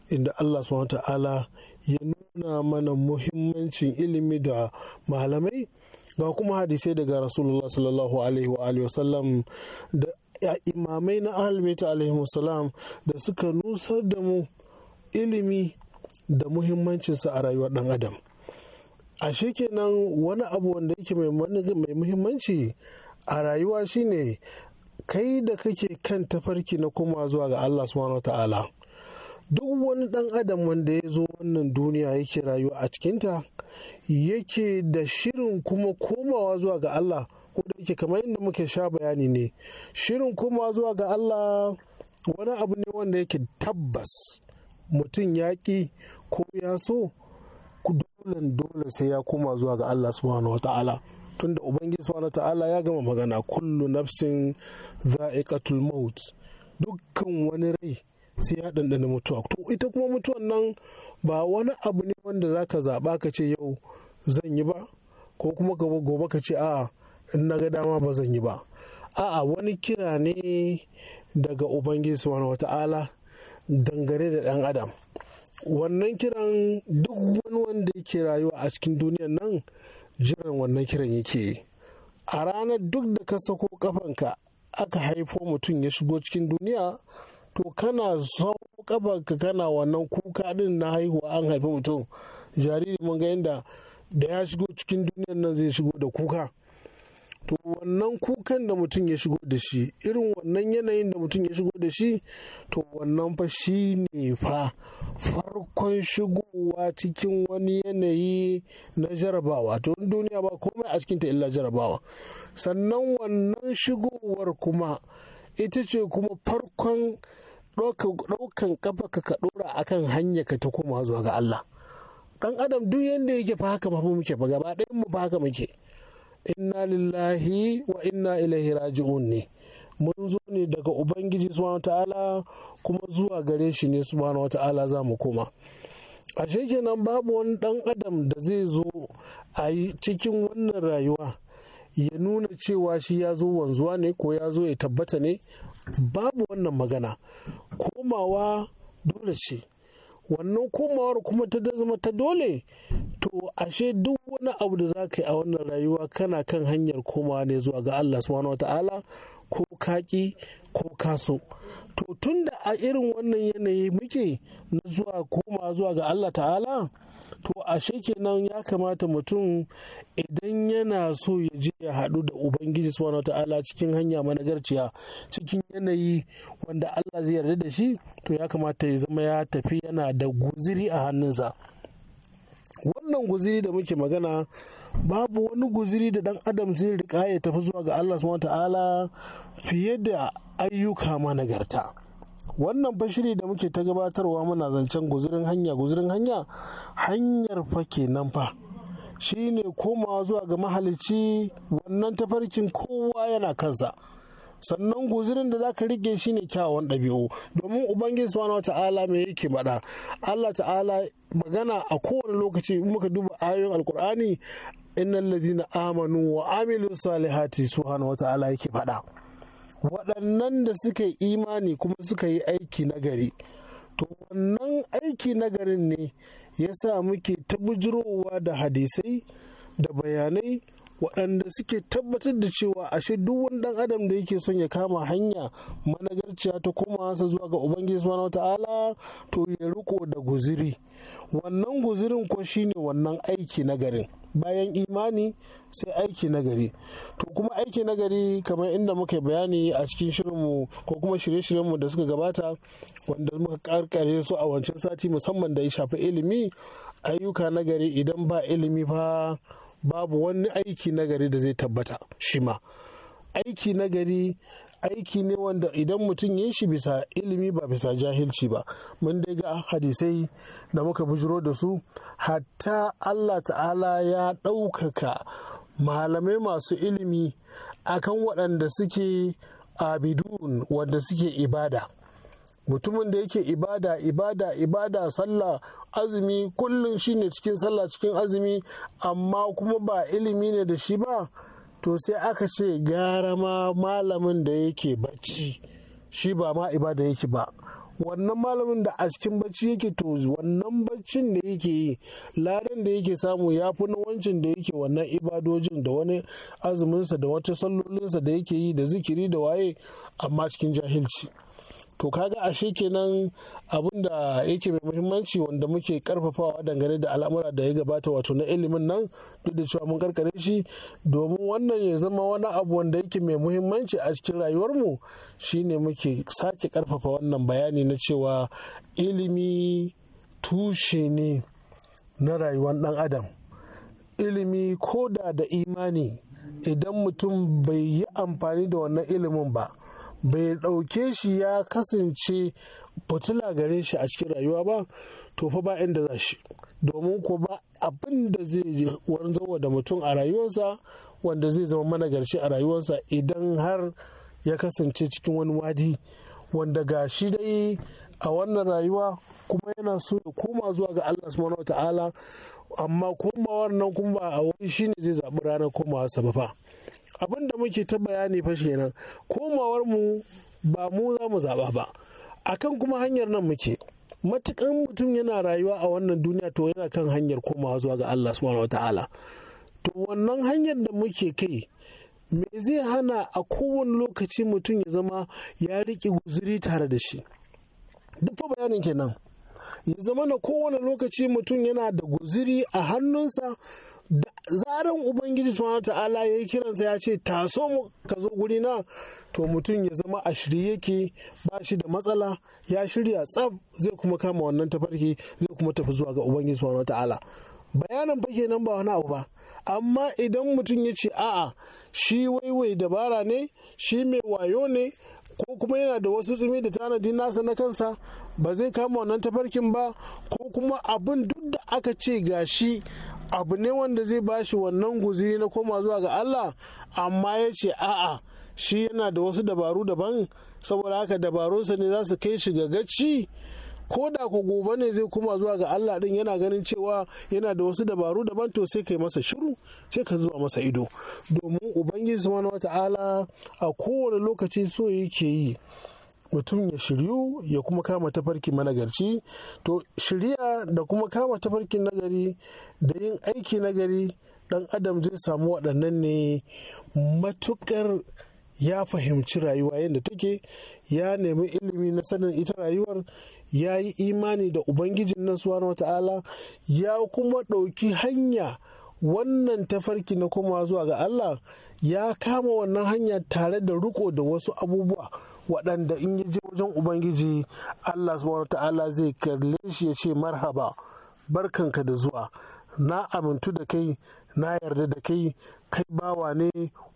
inda allah subhanahu ta'ala ya nuna mana muhimmancin ilimi da malamai ga kuma hadisai daga rasulullah sallallahu alaihi wa sallam da imamai na ahalmeta alaihimussalam da suka nusar da mu ilimi da muhimmancinsa a rayuwar ɗan adam ashe kenan wani abu wanda yake mai muhimmanci a rayuwa shine kai da kake kan tafarki na koma zuwa ga Allah subhanahu ta'ala duk wani ɗan adam wanda ya zo wannan duniya yake rayuwa a cikinta yake da shirin kuma komawa zuwa ga Allah kuma yake kamar yadda muke sha bayani ne shirin kuma zuwa ga Allah wani abu ne wanda yake tabbas mutum ya ƙi ko ya so dolen dole sai ya koma zuwa ga Allah subhanahu wata'ala tunda ubangiji subhanahu wata'ala ya gama magana kullu nafsin za'iqatul maut dukkan wani rai sai ya dandana mutuwa to ita kuma mutuwan nan ba wani abu ne wanda zaka zaba ka ce yau zan yi ba ko kuma gobe ka ce a'a in na ga dama ba zan yi ba a'a wani kira ne daga ubangiji subhanahu wata'ala dangane da ɗan adam wannan kiran duk wani wanda yake rayuwa a cikin duniyan nan jiran wannan kiran yake a ranar duk da ka sako kafanka aka haifo mutum ya shigo cikin duniya to kana sau kafanka kana wannan kuka din na haihuwa an haifi mutum jariri mun ga yadda da ya shigo cikin duniyan nan zai shigo da kuka to wannan kukan da mutum ya shigo da shi irin wannan yanayin da mutum ya shigo da shi to wannan fa shi ne fa farkon shigowa cikin wani yanayi na jarabawa to duniya ba komai a cikinta illa jarabawa sannan wannan shigowar kuma ita ce kuma farkon ɗaukan kafa ka ɗora kan hanya ka ta koma zuwa ga Allah Ɗan adam duk yadda yake fa haka mu muke fa gaba ɗayan mu fa haka muke inna lillahi wa inna ilaihi raji'un ne mun zo ne daga ubangiji subhanahu ta'ala kuma zuwa gare shi ne subhanahu ta'ala za mu koma ashe kenan babu wani dan adam da zai zo a cikin wannan rayuwa ya nuna cewa shi ya zo wanzuwa ne ko ya zo ya tabbata ne babu wannan magana komawa dole ce wannan komawar kuma ta zama ta dole to ashe duk wani abu da za ka yi a wannan rayuwa kana kan hanyar komawa ne zuwa ga Allah subhanahu wata'ala ko kaki ko kaso to tunda a irin wannan yanayi muke na zuwa koma zuwa ga Allah ta'ala to ashe kenan ya kamata mutum idan yana so ya je ya haɗu da ubangiji subhanahu ta'ala cikin hanya managarciya cikin yanayi wanda Allah zai yarda da shi to ya kamata ya zama ya tafi yana da guziri a hannunsa wannan guziri da muke magana babu wani guziri da dan adam zai rika ya tafi zuwa ga Allah subhanahu ta'ala fiye da ayyuka managarta wannan fashiri da muke ta gabatarwa muna zancen guzurin hanya guzurin hanya hanyar fa nan fa shi ne komawa zuwa ga mahalicci wannan tafarkin kowa yana kansa sannan guzirin da zaka rike shi ne kyawawan ɗabi'u domin ubangiji subhanahu ta'ala me yake bada Allah ta'ala magana a kowane lokaci in muka duba ayoyin alkur'ani innal ladina amanu wa amilu salihati subhanahu ta'ala yake bada waɗannan da suka yi imani kuma suka yi aiki nagari to wannan aiki nagarin ne ya sa muke ta bujirowa da hadisai da bayanai waɗanda suke tabbatar da cewa ashe duk wani ɗan adam da yake son ya kama hanya managarciya ta koma sa zuwa ga ubangiji subhanahu ta'ala to ya riko da guziri wannan guzirin ko shine wannan aiki na garin bayan imani sai aiki na gari to kuma aiki na gari kamar inda muka bayani a cikin shirinmu ko kuma shirye-shiryenmu da suka gabata wanda muka karkare su a wancan sati musamman da ya shafi ilimi ayyuka nagari idan ba ilimi fa babu wani aiki nagari da zai tabbata shi ma aiki nagari aiki ne wanda idan mutum ya shi bisa ilimi ba bisa jahilci ba mun dai ga hadisai da muka bujiro da su hatta allah ta'ala ya ɗaukaka malamai masu ilimi akan waɗanda suke abidun wanda suke ibada mutumin da yake ibada ibada ibada sallah azumi kullum shine cikin sallah cikin azumi amma kuma ba ilimi ne da shi ba to sai aka ce gara ma malamin da yake bacci shi ba ma ibada yake ba wannan malamin da a cikin bacci yake to wannan baccin da yake yi ladan da yake samu ya fi na wancin da yake wannan ibadojin da wani azuminsa da wata sallolinsa da yake yi da zikiri da waye amma cikin jahilci. to kaga ashe kenan abin da yake mai muhimmanci wanda muke karfafawa dangane da al'amura da ya gabata wato na ilimin nan duk da cewa mun karkare shi domin wannan ya zama wani abu wanda yake mai muhimmanci a cikin rayuwarmu shine muke sake karfafa wannan bayani na cewa ilimi tushe ne na rayuwar dan adam ilimi koda da imani idan mutum bai yi amfani da wannan ilimin ba bai ɗauke shi ya kasance fitila gare shi a cikin rayuwa ba to fa ba inda za shi domin ko ba abin da zai je zama da mutum a rayuwarsa wanda zai zama managarci a rayuwarsa idan har ya kasance cikin wani wadi wanda ga shi dai a wannan rayuwa kuma yana so ya koma zuwa ga Allah subhanahu wa ta'ala amma komawar nan kuma a wani shine zai zaɓi ranar komawa sa ba abin da muke ta bayani fa nan, komawar mu ba mu za mu zaɓa ba akan kuma hanyar nan muke matukan mutum yana rayuwa a wannan duniya to yana kan hanyar komawa zuwa ga Allah subhanahu wataala to wannan hanyar da muke kai me zai hana a kowane lokaci mutum ya zama ya riƙe guzuri tare da shi duk fa bayanin kenan ya zama na kowane lokaci mutum yana da guziri a hannunsa da zaren ubangiji subhanahu ta'ala ya yi kiransa ya ce taso mu ka zo guri na to mutum ya zama a shirye yake ba shi da matsala ya shirya tsaf zai kuma kama wannan tafarki zai kuma tafi zuwa ga ubangiji subhanahu ta'ala bayanan fa kenan ba wani abu ba amma idan mutum ya ce a'a shi waiwai dabara ne shi mai wayo ne ko kuma yana da wasu tsimi da tanadi nasa na kansa ba zai kama wannan tafarkin ba ko kuma abin duk da aka ce gashi abu ne wanda zai bashi wannan guziri na koma zuwa ga Allah amma ya ce a'a shi yana da wasu dabaru daban saboda haka dabarunsa ne za su kai shi ga gaci ko da ko gobe ne zai koma zuwa ga Allah din yana ganin cewa yana da wasu dabaru daban to sai kai masa shiru sai ka zuba masa ido domin ubangiji subhanahu wata'ala a kowane lokaci so yake yi mutum ya shiryu ya kuma kama tafarkin managarci to shirya da kuma kama tafarkin nagari da yin aiki nagari dan adam zai samu waɗannan ne matukar ya fahimci rayuwa yadda take ya nemi ilimi na sanin ita rayuwar ya yi imani da ubangijin nan suwa wata'ala ya kuma ɗauki hanya wannan tafarki na koma zuwa ga Allah ya kama wannan hanya tare da riko da wasu abubuwa waɗanda in ya je wajen ubangiji Allah subhanahu ta'ala zai kalle shi ya ce marhaba barkanka da zuwa na amintu da kai na yarda da kai kai bawa ne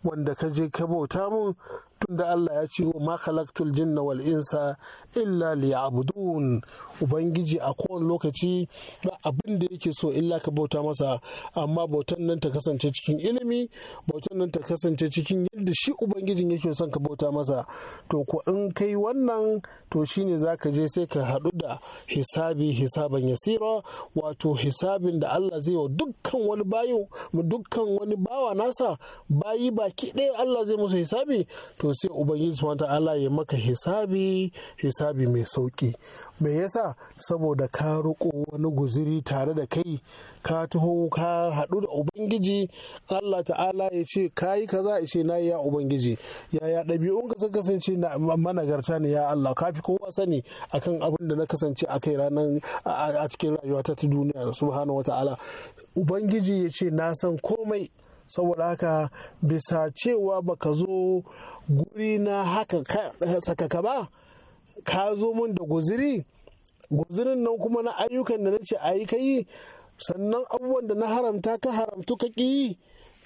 wanda ka je ka bauta mun tunda Allah ya ce ma khalaqtul jinna wal insa illa liya'budun ubangiji a kowane lokaci ba abin da yake so illa ka bauta masa amma bautan nan ta kasance cikin ilimi bautan nan ta kasance cikin yadda shi ubangijin yake son ka bauta masa to ko in kai wannan to shine zaka je sai ka haɗu da hisabi hisaban yasira wato hisabin da Allah zai wa dukkan wani bayo dukkan wani bawa nasa bayi baki ɗaya Allah zai musu hisabi to sai ubangiji wa ta'ala ya maka hisabi hisabi mai sauki me yasa saboda ka roƙo wani guziri tare da kai ka taho ka haɗu da ubangiji Allah ta'ala ya ce kayi kaza ya ce nayi ya ubangiji yaya ɗabi'un ka kasance na managarta ne ya Allah ka fi kowa sani akan abin da na kasance a kai ranar a cikin rayuwa ta duniya subhanahu wa ta'ala ubangiji ya ce na san komai saboda haka bisa cewa baka zo guri na haka sakaka ba ka zo mun da guziri guzirin nan kuma na ayyukan da nace ce a yi ka yi sannan abubuwan da na haramta ka haramtu ka ƙi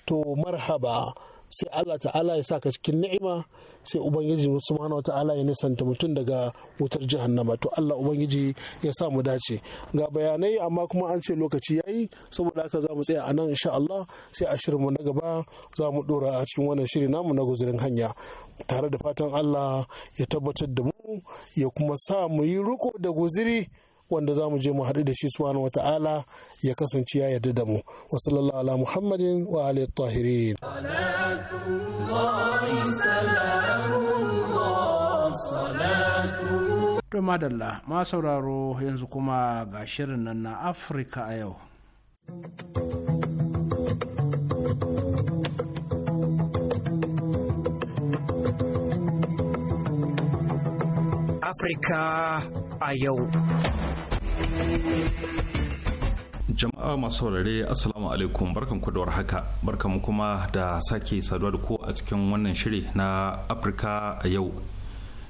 to marhaba sai Allah ta'ala ya sa ka cikin ni'ima sai ubangiji subhanahu wa ta'ala ya nisanta mutum daga wutar jahannama to Allah ubangiji ya sa mu dace ga bayanai amma kuma an ce lokaci yayi saboda haka za mu tsaya a nan insha Allah sai a shirin mu na gaba za mu dora a cikin wannan shiri namu na guzurin hanya tare da fatan Allah ya tabbatar da mu ya kuma sa mu yi riko da guziri wanda za mu je mu haɗu da shi subhanahu wata'ala ya kasance ya yarda da mu wa sallallahu ala muhammadin wa alihi tahirin To madalla ma sauraro yanzu kuma ga shirin nan na Afirka a yau. Afirka a yau. jama'a masu saurare assalamu alaikum barkan ku da warhaka barkan kuma da sake saduwa da ku a cikin wannan shiri na afirka a yau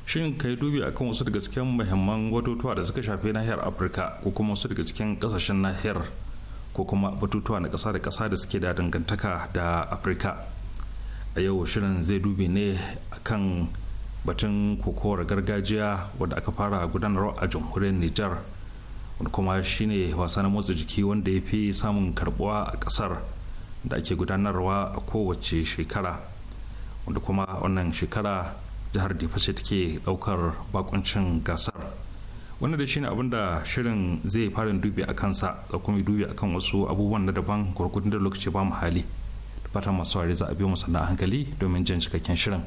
shin kai dubi akan wasu daga cikin muhimman batutuwa da suka shafi nahiyar afirka ko kuma wasu daga cikin kasashen nahiyar ko kuma batutuwa na kasa da kasa da suke da dangantaka da afirka a yau shirin zai dubi ne akan batun kokowar gargajiya wadda aka fara gudanarwa a jamhuriyar nijar kuma shine wasa na motsa jiki wanda ya fi samun karbuwa a kasar da ake gudanarwa a kowace shekara wanda kuma wannan shekara jihar ce take daukar bakuncin gasar wannan da shine abin da shirin zai fara dubi a kansa da kuma dubi a kan wasu abubuwan na daban gurgudun da lokaci ba mu hali fatan masu za a biyo mu sannan hankali domin jan cikakken shirin.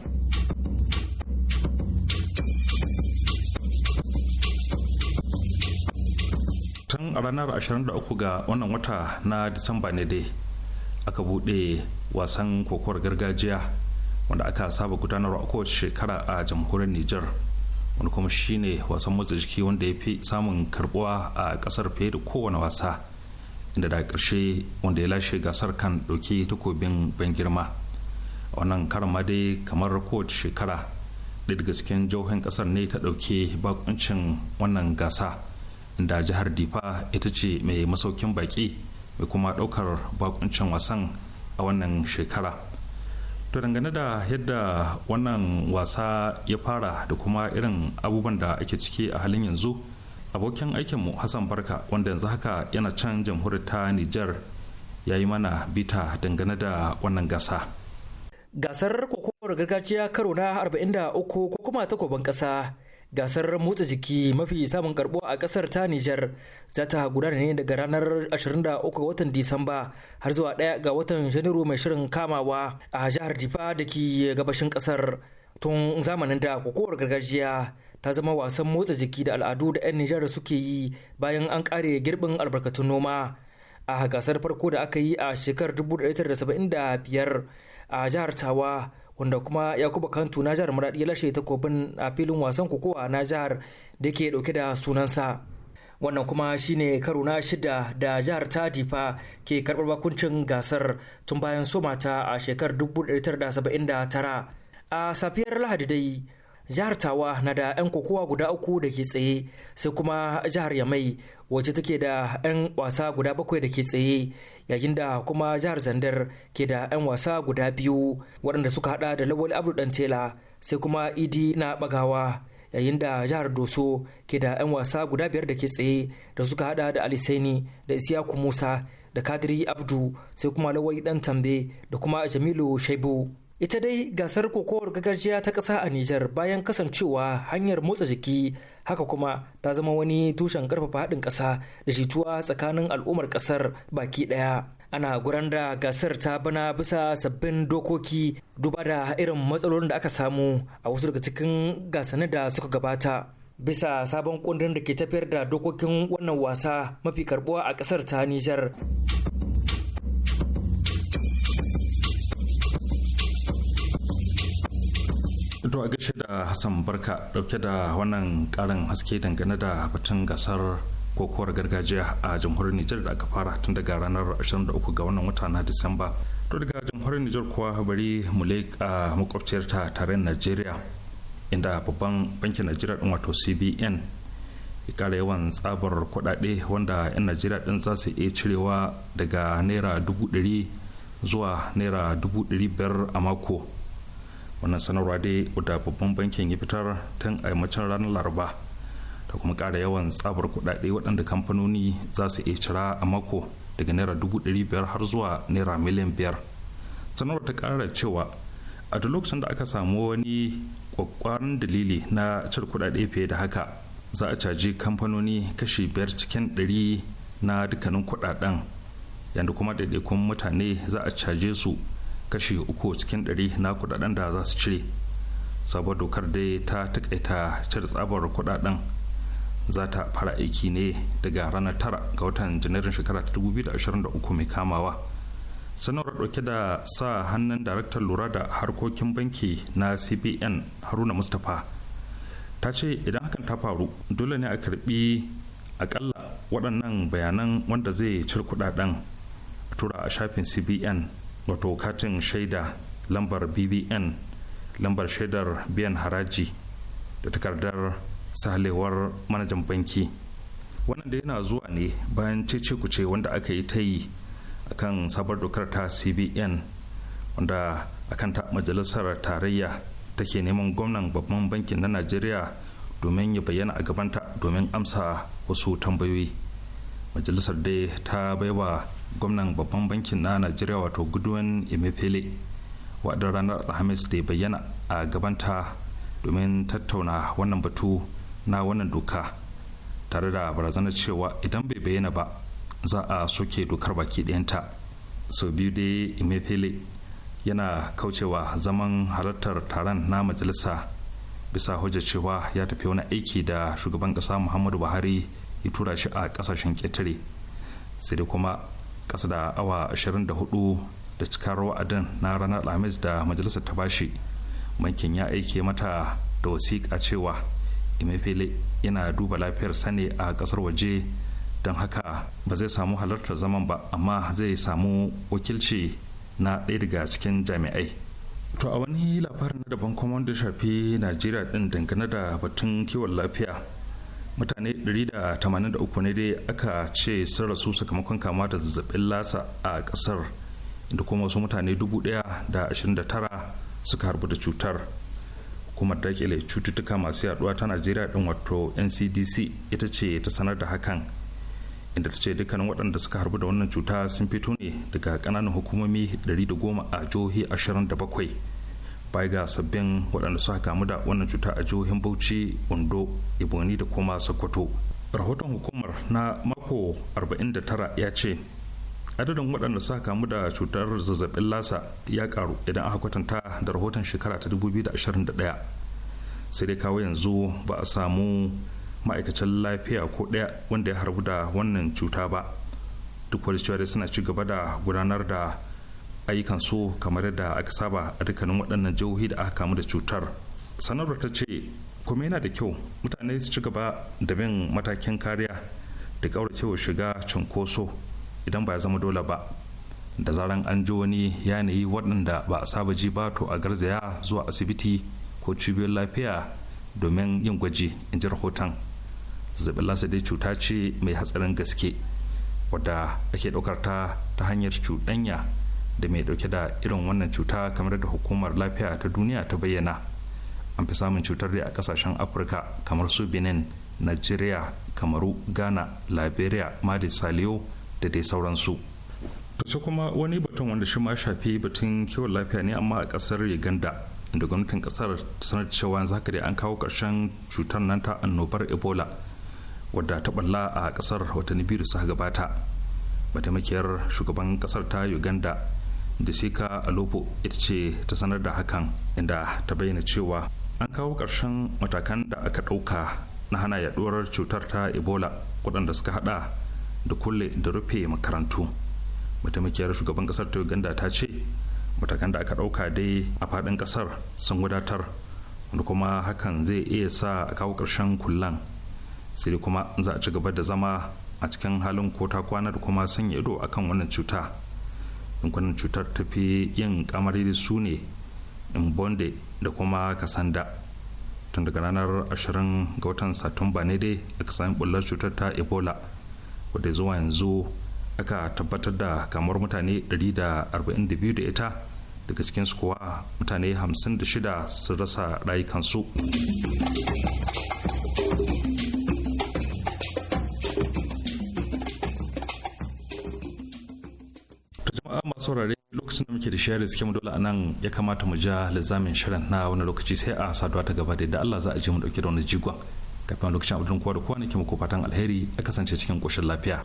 a ranar 23 ga wannan wata na disamba ne dai aka bude wasan kokowar gargajiya wanda aka saba gudanarwa a kowace shekara a jamhuriyar niger wani kuma shine wasan motsa jiki wanda ya fi samun karbuwa a kasar fiye da kowane wasa inda da karshe wanda ya lashe gasar kan ɗauki takobin ban girma a wannan karan ma dai kamar kowace shekara ɗaya daga cikin jihohin kasar ne ta dauke bakuncin wannan gasa inda jihar difa ita ce mai masaukin baki mai kuma daukar bakuncin wasan a wannan shekara to dangane da yadda wannan wasa ya fara da kuma irin abubuwan da ake ciki a halin yanzu abokin aikinmu hassan barka wanda yanzu haka yana can jamhuriyar ta nijar ya yi mana bita dangane da wannan gasa gasar kokowar gargajiya karo na 43 ko kuma takobin kasa gasar motsa jiki mafi samun karbo a kasar ta Nijar za ta gudana ne daga ranar 23 ga watan Disamba har zuwa 1 ga watan Janairu mai shirin kamawa a jihar Difa da ke gabashin kasar tun zamanin da kokowar gargajiya ta zama wasan motsa jiki da al'adu da 'yan Nijar suke yi bayan an kare girbin albarkatun noma a gasar farko da aka yi a shekarar 1975 a jihar Tawa wanda kuma yakubu kantu na jihar maradi ya lashe takobin a filin wasan kokowa na jihar da ke dauke da sunansa wannan kuma shine karo na shida da jihar ta difa ke karbar bakuncin gasar tun bayan somata a shekarar 1979 a safiyar lahadi dai jihar tawa na da 'yan kokowa guda uku da ke tsaye sai kuma jihar yamai wacce take da 'yan wasa guda bakwai da ke tsaye yayin da kuma jihar zandar ke da 'yan wasa guda biyu waɗanda suka hada da lawal abdul tela sai kuma idi na bagawa yayin da jihar doso ke da 'yan wasa guda biyar da ke tsaye da suka hada da alisaini da isiyaku musa da kadiri abdu sai kuma lawai dan tambe da kuma jamilu shaibu ita dai gasar kokowar gargajiya ta ƙasa a Nijar bayan kasancewa hanyar motsa jiki haka kuma ta zama wani tushen karfafa haɗin ƙasa da jituwa tsakanin al'ummar ƙasar baki ɗaya. Ana guran da gasar ta bana bisa sabbin dokoki duba da irin matsalolin da aka samu a wasu daga cikin gasannin da suka gabata. Bisa sabon kundin da ke tafiyar da dokokin wannan wasa mafi karbuwa a ƙasar ta Nijar. to a gaishe da hassan barka dauke da wannan karin haske dangane da batun gasar kokowar gargajiya a jamhuriyar nijar da aka fara tun daga ranar 23 ga wannan wata na disamba to daga jamhuriyar nijar kuwa bari mu leƙa makwabciyar ta taron najeriya inda babban bankin najeriya din wato cbn ya kara yawan tsabar kuɗaɗe wanda 'yan najeriya din za su iya cirewa daga naira dubu ɗari zuwa naira dubu ɗari biyar a mako wannan sanarwa dai da babban bankin ya fitar tun a ranar laraba ta kuma ƙara yawan tsabar kuɗaɗe waɗanda kamfanoni za su iya cira a mako daga naira dubu ɗari biyar har zuwa naira miliyan biyar sanarwar ta ƙara cewa a duk lokacin da aka samu wani kwakwaran dalili na cire kuɗaɗe fiye da haka za a caji kamfanoni kashi biyar cikin ɗari na dukkanin kuɗaɗen yadda kuma daidaikun mutane za a caje su kashi uku cikin ɗari na kudaden da za su cire sabon dokar dai ta takaita cire tsabar kudaden za ta fara aiki ne daga ranar tara ga watan janairun shekara ta 2023 mai kamawa sanarwar dauke da sa hannun daraktar lura da harkokin banki na cbn haruna mustapha ta ce idan hakan ta faru dole ne a karbi akalla waɗannan bayanan wanda zai cire kudaden tura a shafin cbn wato katin shaida lambar bbn lambar shaidar biyan haraji da takardar salewar manajan banki wannan da yana zuwa ne bayan cece kuce wanda aka yi ta yi a kan sabar dokar ta cbn wanda akan ta majalisar tarayya take neman gwamnan babban bankin na najeriya domin ya bayyana a gabanta domin amsa wasu tambayoyi majalisar dai ta baiwa gwamnan babban bankin na najeriya wato gudun emefele wadda ranar alhamis da bayyana a gabanta domin tattauna wannan batu na wannan doka tare da barazanar cewa idan bai bayyana ba za a soke dokar baki ɗayanta sau biyu dai emefele yana kaucewa zaman halartar taron na majalisa bisa hujjar cewa ya tafi wani aiki da shugaban ƙasa muhammadu buhari ya tura shi a kasashen ketare sai dai kuma ƙasa da awa 24 da cikar wa'adin na ranar alhamis da majalisar ta bashi bankin ya aike mata da wasiƙa cewa imefele yana duba lafiyar sane a ƙasar waje don haka ba zai samu halartar zaman ba amma zai samu wakilci na ɗaya daga cikin jami'ai to a wani labarin na daban kuma wanda shafi najeriya din dangane da batun kiwon lafiya mutane 183 ne dai aka ce sun rasu sakamakon kama da zazzabin lasa a kasar inda kuma wasu mutane 1,029 suka harbu da cutar hukumar dakile cututtuka masu yaduwa ta najeriya din wato ncdc ita ce ta sanar da hakan inda ta ce dukkanin waɗanda suka harbu da wannan cuta sun fito ne daga ƙananan hukumomi 110 a jihohi 27 bai ga sabbin waɗanda suka kamu da wannan cuta a jihohin bauchi ondo iboni da kuma sokoto rahoton hukumar na mako 49 ya ce adadin waɗanda suka kamu da cutar zazzabin lasa ya karu idan aka kwatanta da rahoton shekara ta 2021 sai dai kawo yanzu ba a samu ma'aikacin lafiya ko ɗaya wanda ya harbu da wannan cuta ba duk wani cewa suna ci gaba da gudanar da ayyukan su kamar yadda aka saba a dukkanin waɗannan jihohi da aka kamu da cutar sanarwar ta ce kuma yana da kyau mutane su ci gaba da bin matakin kariya da ƙauracewa shiga cunkoso idan ba ya zama dole ba da zaran an ji wani yanayi waɗanda ba a saba ji ba to a garzaya zuwa asibiti ko cibiyar lafiya domin yin gwaji in ji rahoton zazzabin lasa dai cuta ce mai hatsarin gaske wadda ake ɗaukar ta ta hanyar cuɗanya da mai dauke da irin wannan cuta kamar da hukumar lafiya ta duniya ta bayyana an fi samun cutar da a kasashen afirka kamar su benin nigeria kamaru ghana liberia mali saliyo da dai sauransu to sai kuma wani batun wanda shi ma shafi batun kiwon lafiya ne amma a kasar uganda inda gwamnatin kasar sanar cewa yanzu haka an kawo karshen cutar nan ta annobar ebola wadda ta balla a kasar watanni biyu da suka gabata mataimakiyar shugaban kasar ta uganda da sheka alopo ita ce ta sanar da hakan inda ta bayyana cewa an kawo ƙarshen matakan da aka ɗauka na hana yaɗuwar cutar ta ebola waɗanda suka hada da kulle da rufe makarantu mataimakiyar shugaban ƙasar ta uganda ta ce matakan da aka ɗauka dai a faɗin ƙasar sun wadatar wanda kuma hakan zai iya sa a kawo ƙarshen kullan sai kuma za a ci gaba da zama a cikin halin ko ta kwana da kuma sanya ido akan wannan cuta yankunan cutar ta fi yin kamari da su ne bonde da kuma kasanda tun daga ranar 20 ga watan satumba ne dai aka sami bullar cutar ta ebola wadda zuwa yanzu aka tabbatar da kamar mutane 142 da ita daga cikin su kuwa mutane 56 sun rasa rayukansu jama'a masu saurare lokacin da muke da share suke mu dole a nan ya kamata mu ja lizamin shirin na wani lokaci sai a saduwa ta gaba da Allah za a je mu dauke da wani jigon kafin lokacin abudin kowa da kowa ne ke muku fatan alheri a kasance cikin koshin lafiya.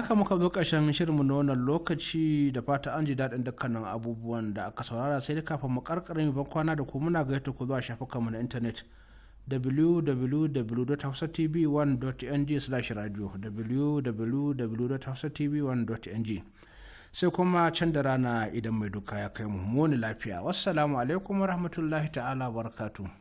haka muka zo ƙarshen shirinmu na wannan lokaci da fata an ji daɗin dukkanin abubuwan da aka saurara sai da kafin mu karkarin ban kwana da ku muna gayyata ku zuwa shafukanmu na intanet www.hausatv1.ng/radio www.hausatv1.ng sai kuma can da rana idan mai duka ya kai mu muni lafiya wassalamu alaikum warahmatullahi ta'ala barakatuh